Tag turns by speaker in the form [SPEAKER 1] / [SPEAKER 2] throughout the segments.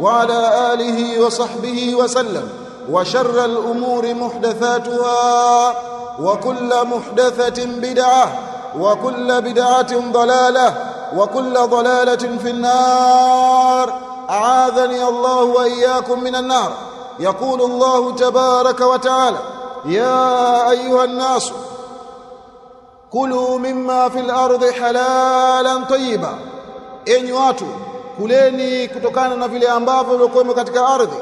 [SPEAKER 1] وعلى آله وصحبه وسلم وشر الأمور محدثاتها وكل محدثة بدعة وكل بدعة ضلالة وكل ضلالة في النار أعاذني الله وإياكم من النار يقول الله تبارك وتعالى يا أيها الناس كلوا مما في الأرض حلالا طيبا إن يواتوا kuleni kutokana na vile ambavyo vilikuwa katika ardhi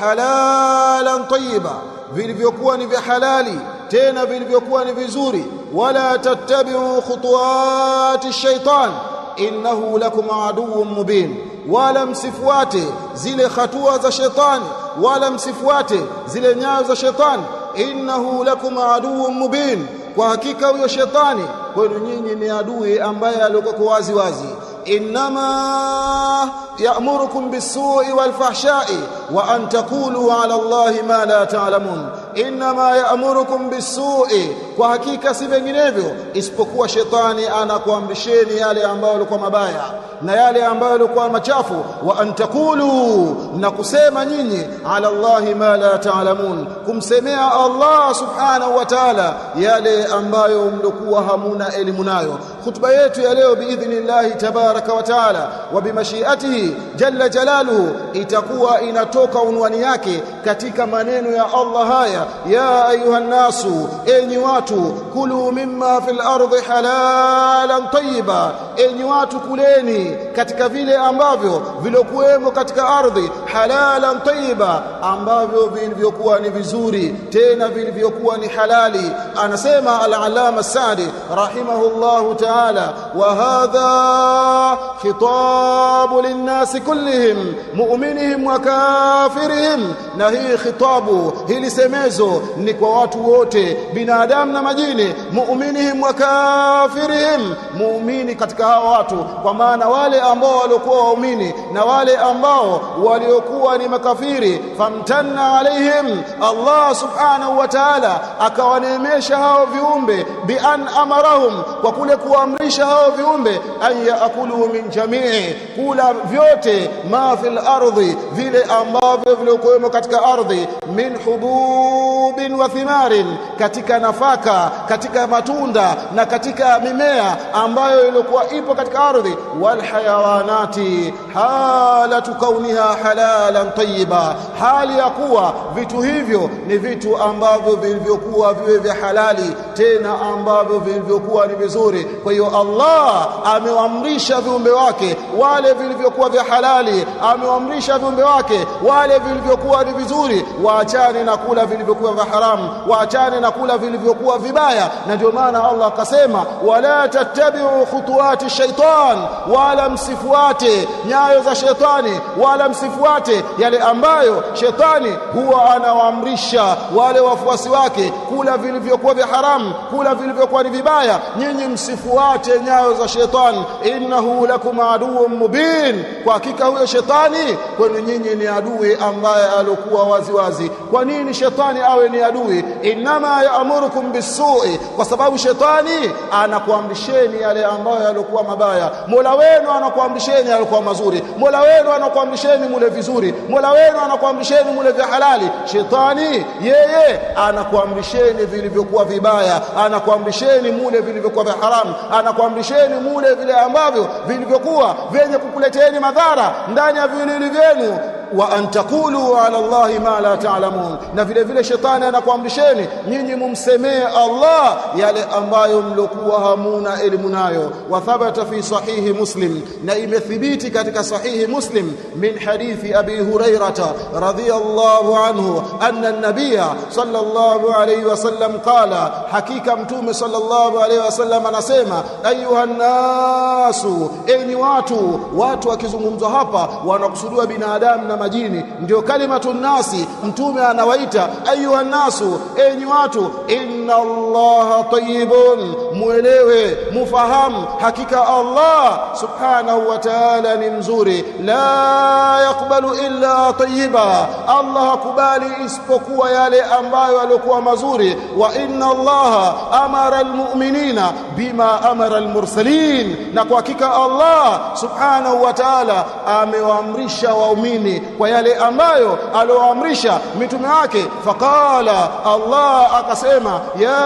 [SPEAKER 1] halalan tayyiba vilivyokuwa ni vya halali tena vilivyokuwa ni vizuri wala tattabi'u khutuwati shaitan innahu lakum aduwwun mubin wala msifuate zile hatua za shetani wala msifuate zile nyayo za shetani innahu lakum aduwwun mubin kwa hakika huyo shetani kwenu nyinyi ni adui ambaye alikuwa wazi wazi إنما يأمركم بالسوء والفحشاء وأن تقولوا على الله ما لا تعلمون inma yaamurukum bisu'i, kwa hakika si vinginevyo isipokuwa shetani anakuamrisheni yale ambayo yalikuwa mabaya na yale ambayo yalikuwa machafu, wa antakulu, na kusema nyinyi ala Allahi ma la ta'lamun, kumsemea Allah subhanahu wa ta'ala yale ambayo mlikuwa hamuna elimu nayo. Khutba yetu ya leo biidhnillahi tabaraka wa ta'ala wa bimashiatihi jalla jalaluhu itakuwa inatoka unwani yake katika maneno ya Allah haya ya ayuha nasu enyi watu kulu mimma fil ardi halalan tayyiba enyi watu kuleni katika vile ambavyo vilokuwemo katika ardhi halalan tayyiba ambavyo vilivyokuwa ni vizuri tena vilivyokuwa ni halali anasema al-allama Sa'di rahimahullahu ta'ala wa hadha khitabu lin-nasi kullihim mu'minihim wa kafirihim. Na hii khitabu hili semezo ni kwa watu wote, binadamu na majini. muminihim wa kafirihim, muumini katika hao watu, kwa maana wale ambao waliokuwa waumini na wale ambao waliokuwa ni makafiri. Famtanna alaihim, Allah subhanahu wa ta'ala akawaneemesha hao viumbe, bi an amarahum, kwa kule kuwaamrisha hao viumbe an yaakulu min jamii, kula vyote ma fil lardhi vile ambavyo viliokuwemo katika ardhi, min hububin wa thimarin, katika nafaka, katika matunda na katika mimea ambayo ilikuwa ipo katika ardhi, wal hayawanati, halatu kauniha halalan tayyiba, hali ya kuwa vitu hivyo ni vitu ambavyo vilivyokuwa viwe vya halali tena ambavyo vilivyokuwa ni vizuri. Kwa hiyo Allah amewaamrisha viumbe wake wale vilivyokuwa vya halali halali, amewaamrisha viumbe wake wale vilivyokuwa ni vizuri, waachane na kula vilivyokuwa vya haramu, waachane na kula vilivyokuwa vibaya. Na ndio maana Allah akasema, wala tattabiu khutuwati shaitan, wala msifuate nyayo za shetani, wala msifuate yale ambayo shetani huwa anawaamrisha wale wafuasi wake kula vilivyokuwa vya haramu, kula vilivyokuwa ni vibaya. Nyinyi msifuate nyayo za shetani, innahu lakum aduwwun mubin kwa hakika huyo shetani kwenu nyinyi ni adui ambaye alokuwa waziwazi. Kwa nini shetani awe ni adui? Innama yaamurukum bisui, kwa sababu shetani anakuamrisheni yale ambayo yalokuwa mabaya. Mola wenu anakuamrisheni yalokuwa mazuri. Mola wenu anakuamrisheni mule vizuri. Mola wenu anakuamrisheni mule vya halali. Shetani yeye anakuamrisheni vilivyokuwa vibaya, anakuamrisheni mule vilivyokuwa vya haramu, anakuamrisheni mule vile ambavyo vilivyokuwa vyenye kukuleteni madhara bora ndani ya viwiliwili vyenu wa antakulu ala Allahi ma la ta'lamun, na vile vile shetani anakuamrisheni nyinyi mumsemee Allah yale ambayo mlokuwa hamuna elimu nayo. Wa thabata fi sahihi Muslim, na imethibiti katika sahihi Muslim min hadithi Abi Hurairata radhiyallahu anhu anna an-nabiyya sallallahu alayhi wasallam qala, hakika mtume sallallahu alayhi wasallam anasema ayuha nasu, enyi watu. Watu wakizungumzwa hapa wanakusudiwa binadamu na majini, ndio kalimatu nnasi. Mtume anawaita ayuha nnasu, enyi watu, inna allaha tayyibun muelewe, mufahamu hakika Allah subhanahu wa ta'ala ni mzuri. La yakbalu illa tayyiba, Allah hakubali isipokuwa yale ambayo yalikuwa mazuri. Wa inna Allah amara almu'minina bima amara almursalin, na kwa hakika Allah subhanahu wa ta'ala amewaamrisha waumini kwa yale ambayo alioamrisha mitume wake. Faqala Allah akasema, ya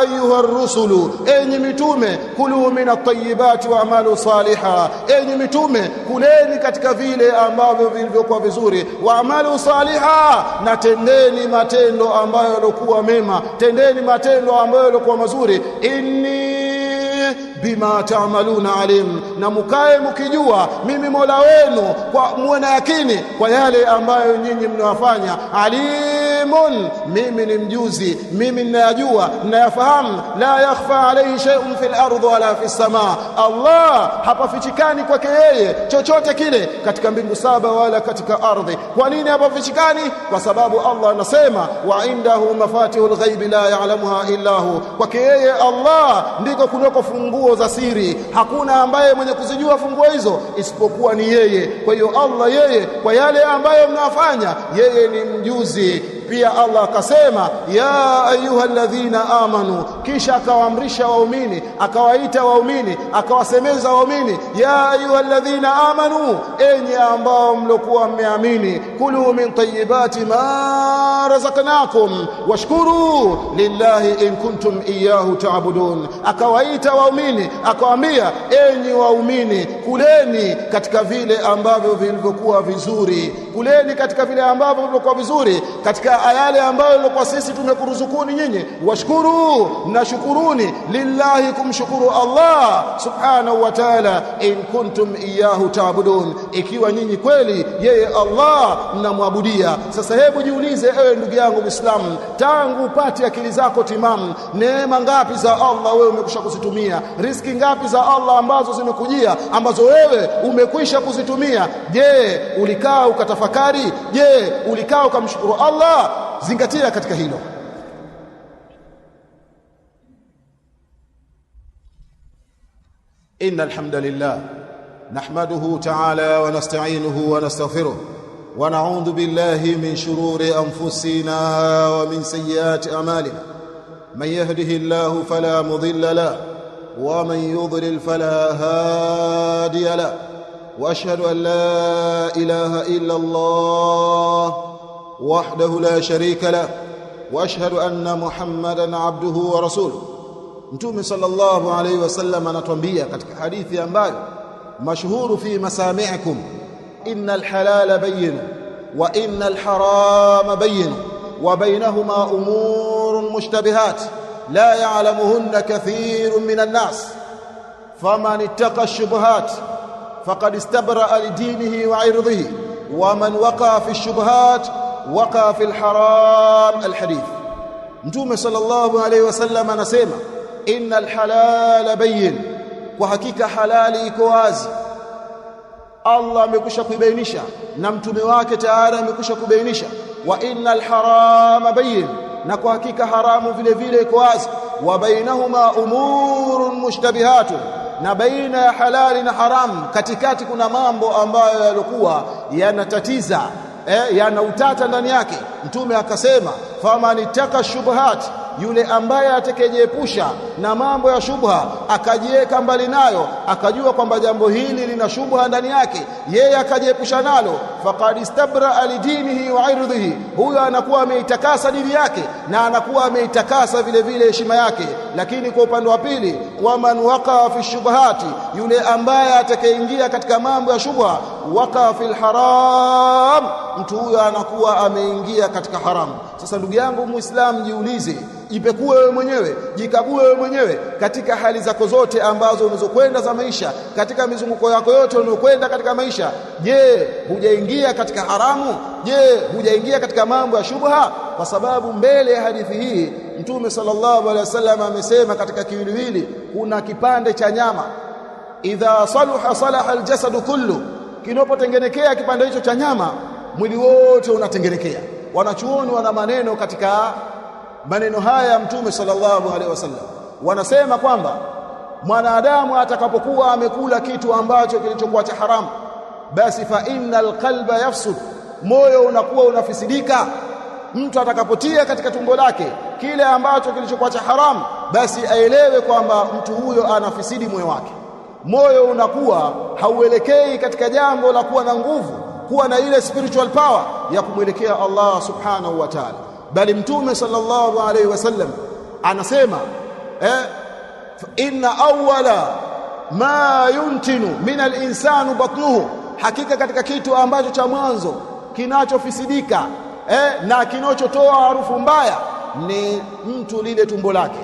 [SPEAKER 1] ayuha rusulu enyi mitume kulu min at-tayyibati wa amalu saliha enyi mitume kuleni katika vile ambavyo vilivyokuwa vizuri wa amalu saliha na tendeni matendo ambayo yalokuwa mema tendeni matendo ambayo yalokuwa mazuri inni bima taamaluna alim na mukae mukijua mimi Mola wenu kwa muwe yakini kwa yale ambayo nyinyi mnawafanya alim alimun, mimi ni mjuzi, mimi ninayajua ninayafahamu. La yakhfa alayhi shay'un fil ardi wala fis sama, Allah hapafichikani kwake yeye chochote kile katika mbingu saba wala katika ardhi. Kwa nini hapafichikani? Kwa sababu Allah anasema wa indahu mafatihul ghaibi la ya'lamuha illa hu, kwake yeye Allah ndiko kunako funguo za siri, hakuna ambaye mwenye kuzijua funguo hizo isipokuwa ni yeye. Kwa hiyo Allah yeye kwa yale ambayo mnafanya yeye ni mjuzi pia Allah akasema ya ayyuhalladhina amanu kisha akawaamrisha waumini akawaita waumini akawasemeza waumini ya ayyuhalladhina amanu enyi ambao mlokuwa mmeamini kulu min tayyibati ma razaqnakum washkuru lillahi in kuntum iyyahu ta'budun akawaita waumini akawaambia enyi waumini kuleni katika vile ambavyo vilivyokuwa vizuri kuleni katika vile ambavyo vilikuwa vizuri katika yale ambayo ilikuwa sisi tumekuruzukuni nyinyi washkuru na shukuruni lillahi kumshukuru Allah subhanahu wa ta'ala in kuntum iyyahu ta'budun ikiwa nyinyi kweli yeye Allah mnamwabudia. Sasa hebu jiulize, ewe ndugu yangu Muislamu, tangu upate akili zako timamu, neema ngapi za Allah wewe umekwisha kuzitumia? Riziki ngapi za Allah ambazo zimekujia ambazo wewe umekwisha kuzitumia? Je, ulikaa ukatafakari? Je, ulikaa ukamshukuru Allah? Zingatia katika hilo. Inna alhamdulillah نحمده تعالى ونستعينه ونستغفره ونعوذ بالله من شرور أنفسنا ومن سيئات أمالنا من يهده الله فلا مضل له ومن يضلل فلا هادي له وأشهد أن لا إله إلا الله وحده لا شريك له وأشهد أن محمدا عبده ورسوله صلى الله عليه وسلم anatuambia katika hadithi ambayo مشهور في مسامعكم إن الحلال بين وإن الحرام بين وبينهما أمور مشتبهات لا يعلمهن كثير من الناس فمن اتقى الشبهات فقد استبرأ لدينه وعرضه ومن وقع في الشبهات وقع في الحرام الحديث متوم صلى الله عليه وسلم anasema إن الحلال بين kwa hakika halali iko wazi, Allah amekwisha kuibainisha na mtume wake tayari amekwisha kubainisha. Wa innal harama bayin, na kwa hakika haramu vile vile iko wazi. Wa bainahuma umurun mushtabihatun, na baina ya halali na haramu katikati kuna mambo ambayo yalikuwa yanatatiza eh, yana utata ndani yake. Mtume akasema faman ittaka shubuhati yule ambaye atakayejiepusha na mambo ya shubha akajiweka mbali nayo, akajua kwamba jambo hili lina shubha ndani yake, yeye akajiepusha nalo faqad istabra lidinihi wa irdhihi, huyo anakuwa ameitakasa dini yake na anakuwa ameitakasa vile vile heshima yake. Lakini kwa upande wa pili, wa man waqa fi shubahati yule ambaye atakayeingia katika mambo ya shubha, waqa fil haram, mtu huyo anakuwa ameingia katika haramu. Sasa ndugu yangu Muislamu, jiulize Jipekue wewe mwenyewe, jikague wewe mwenyewe katika hali zako zote ambazo unazokwenda za maisha, katika mizunguko yako yote unayokwenda katika maisha. Je, hujaingia hujaingia katika haramu je hujaingia katika mambo ya shubha kwa sababu mbele ya hadithi hii mtume sallallahu alaihi wasallam amesema katika kiwiliwili kuna kipande cha nyama idha saluha salaha aljasadu kullu kinapotengenekea kipande hicho cha nyama mwili wote unatengenekea wanachuoni wana maneno katika maneno haya ya mtume sallallahu alaihi wasallam wanasema kwamba mwanadamu atakapokuwa amekula kitu ambacho kilichokuwa cha haramu basi fa innal qalba yafsud moyo unakuwa unafisidika mtu atakapotia katika tumbo lake kile ambacho kilichokuwa cha haramu basi aelewe kwamba mtu huyo anafisidi moyo wake moyo unakuwa hauelekei katika jambo la kuwa na nguvu kuwa na ile spiritual power ya kumwelekea Allah subhanahu wa ta'ala bali mtume sallallahu alaihi wasallam anasema eh, inna awwala ma yuntinu min al-insanu batnuhu hakika katika kitu ambacho cha mwanzo kinachofisidika eh, na kinachotoa harufu mbaya ni mtu lile tumbo lake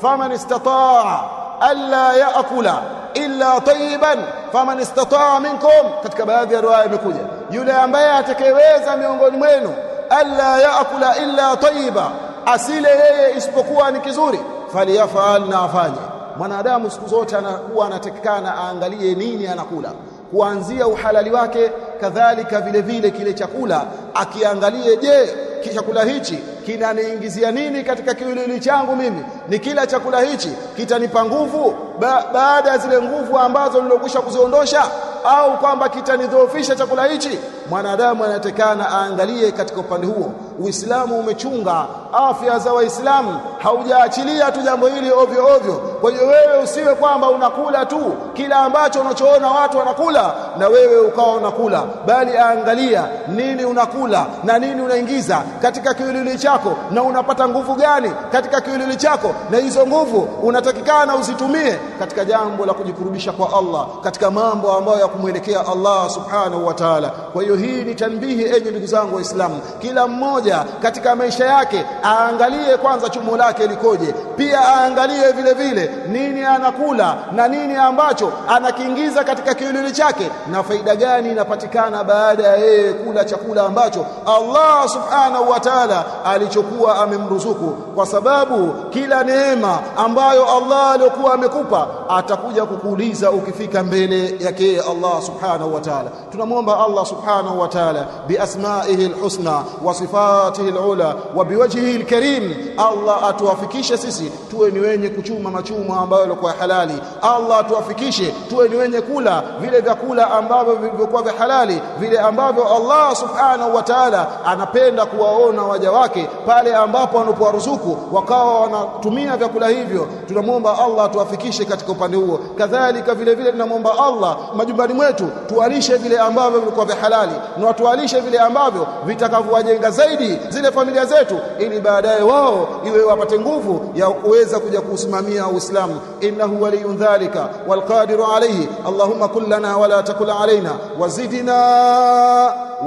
[SPEAKER 1] faman istataa alla yaakula illa tayiban faman istataa minkum katika baadhi ya riwaya imekuja yule ambaye atakayeweza miongoni mwenu alla yaakula illa tayiba asile yeye isipokuwa ni kizuri faliyafal na afanye mwanadamu siku zote anakuwa anatakikana aangalie nini anakula kuanzia uhalali wake kadhalika vile vile kile chakula akiangalie je chakula hichi kinaniingizia nini katika kiwiliwili changu mimi ni kila chakula hichi kitanipa nguvu ba, baada ya zile nguvu ambazo nilokwisha kuziondosha au kwamba kitanidhoofisha chakula hichi mwanadamu anatekana aangalie katika upande huo uislamu umechunga afya za Waislamu, haujaachilia tu jambo hili ovyo ovyo. Kwa hiyo wewe usiwe kwamba unakula tu kila ambacho unachoona watu wanakula na wewe ukawa unakula, bali angalia nini unakula na nini unaingiza katika kiwiliwili chako, na unapata nguvu gani katika kiwiliwili chako, na hizo nguvu unatakikana uzitumie katika jambo la kujikurubisha kwa Allah, katika mambo ambayo ya kumwelekea Allah subhanahu wa ta'ala. Kwa hiyo hii ni tanbihi, enyi ndugu zangu Waislamu, kila mmoja katika maisha yake aangalie kwanza chumo lake likoje, pia aangalie vile vile nini anakula na nini ambacho anakiingiza katika kiulili chake, na faida gani inapatikana baada ya yeye kula chakula ambacho Allah subhanahu wa ta'ala alichokuwa amemruzuku, kwa sababu kila neema ambayo Allah aliyokuwa amekupa atakuja kukuuliza ukifika mbele yake Allah subhanahu wa ta'ala. Tunamwomba Allah subhanahu wa ta'ala biasmaihi alhusna wa sifatihi alula wa biwajhihi nabiyil karim Allah atuwafikishe sisi tuwe ni wenye kuchuma machuma ambayo yalikuwa halali Allah atuwafikishe tuwe ni wenye kula vile vyakula ambavyo vilivyokuwa vya halali vile ambavyo Allah subhanahu wa ta'ala anapenda kuwaona waja wake pale ambapo ruzuku wakawa wanatumia vyakula hivyo tunamwomba Allah atuwafikishe katika upande huo kadhalika vile vile tunamwomba Allah majumbani mwetu tuwalishe vile ambavyo vilikuwa vya halali na watuwalishe vile ambavyo vitakavyowajenga zaidi zile familia zetu ili ili baadaye wao iwe wapate nguvu ya kuweza kuja kusimamia Uislamu innahu waliyun dhalika walqadiru alayhi allahumma kullana wala takul alayna wazidina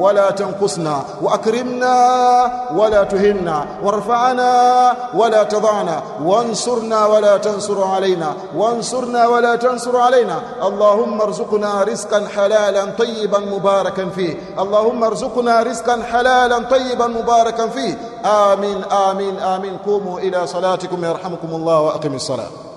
[SPEAKER 1] wala tanqusna واكرمنا wala tuhinna warfa'na wala tadhana wansurna wala tansur alayna wansurna wala tansur alayna allahumma arzuqna rizqan halalan tayyiban mubarakan fi allahumma arzuqna rizqan halalan tayyiban mubarakan fi آمين آمين آمين قوموا إلى صلاتكم يرحمكم الله وأقم الصلاة